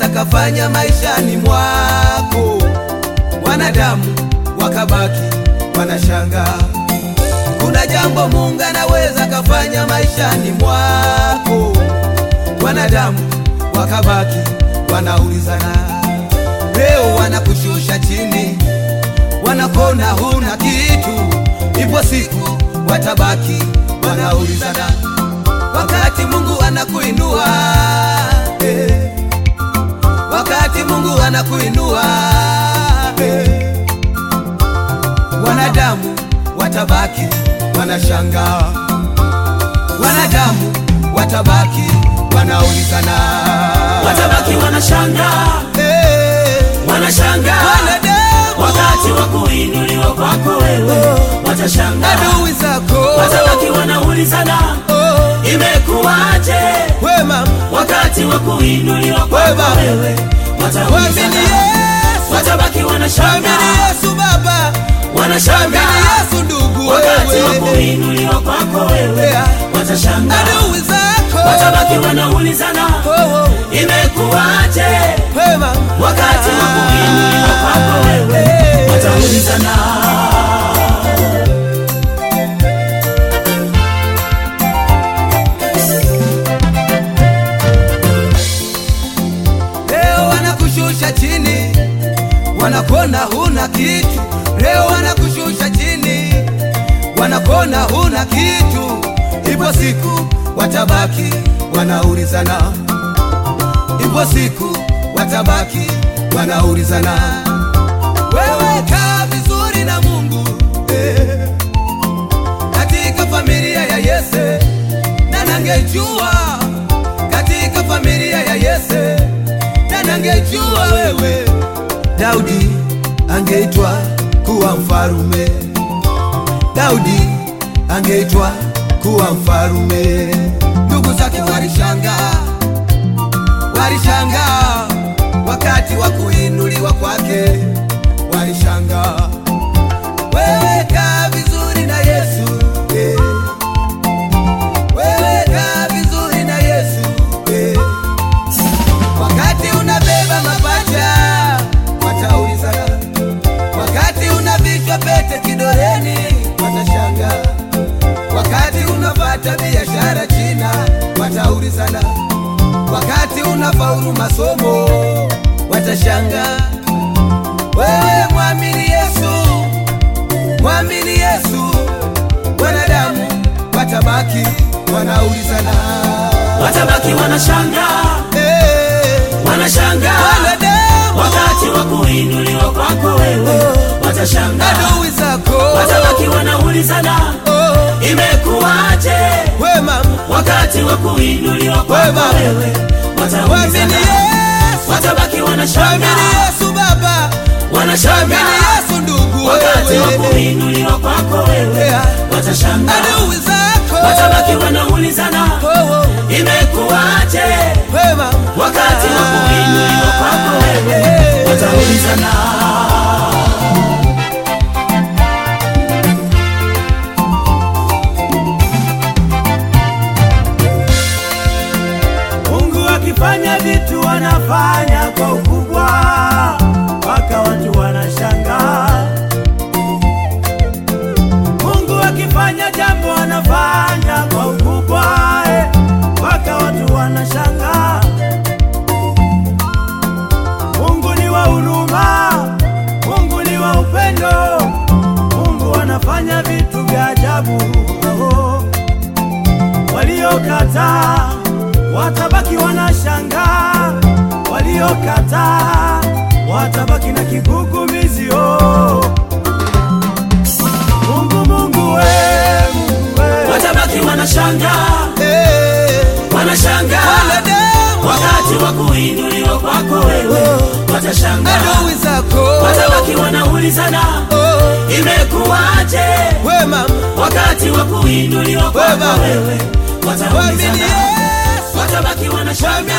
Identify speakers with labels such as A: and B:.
A: kanaweza kafanya maishani mwako. Wanadamu wakabaki wanashanga, kuna jambo Mungu anaweza kafanya maishani mwako. Wanadamu wakabaki wanaulizana, leo wanakushusha chini, wanakona huna kitu. Ipo siku watabaki wanaulizana, wakati Mungu anakuinua watabaki wanashangaa, wanadamu watabaki wanaulizana, watabaki wanashangaa, eh. hey, wanadamu, wakati wa kuinuliwa kwako wewe, oh, watashangaa adui zako, watabaki wanaulizana, oh, imekuwaje wema, wakati wa kuinuliwa kwako wewe, watabaki wanashangaa, waamini Yesu Baba wanashangaa Yesu ndugu, wakati wa kuinuliwa kwako wewe watashangaa, adui zako watabaki wanaulizana oh, oh. imekuwaje. Wakati wa ah. kuinuliwa kwako wewe wataulizana wanakushusha chini, wanakuona huna kitu wanakona huna kitu. Ipo siku watabaki wanaulizana, ipo siku watabaki wanaulizana. Wewe kaa vizuri na Mungu eh, katika familia ya Yese na nangejua katika familia ya Yese na nangejua wewe Daudi angeitwa kuwa mfarume. Daudi angeitwa kuwa mfarume, ndugu zake walishanga walishanga, wakati wa kuinuliwa kwake walishanga. Wewe vizuri na Yesu eh. vizuri na Yesu eh. wakati pete kidoleni Watafuta biashara China, wataulizana. Wakati unafaulu masomo, watashanga. Wewe mwamini Yesu, mwamini Yesu, wanadamu watabaki wanaulizana, watabaki wanashanga, hey, eh. wanashanga wanadamu, wakati wa kuinuliwa kwako wewe, watashanga adui zako, watabaki wanaulizana oh. wakati wa kuinuliwa kwa wewe, Yesu watabaki wanashangaa, Yesu Baba, wanashangaa Yesu ndugu, oh, oh. wakati wa kuinuliwa kwako wewe, watashangaa, watabaki wanaulizana, imekuwaje? Wakati wa kuinuliwa kwako wewe, wataulizana wanafanya vitu wanafanya kwa ugumu watabaki wanashangaa, waliokataa watabaki na kigugumiziyo. Mungu, Mungu we, Mungu we, watabaki wanashangaa, eh. wanashangaa wakati wa kuinuliwa kwako wewe, oh. watashangaa zako, watabaki wanaulizana oh, imekuwaje we mama, wakati wa kuinuliwa kwako wewe, wataulizana Llámame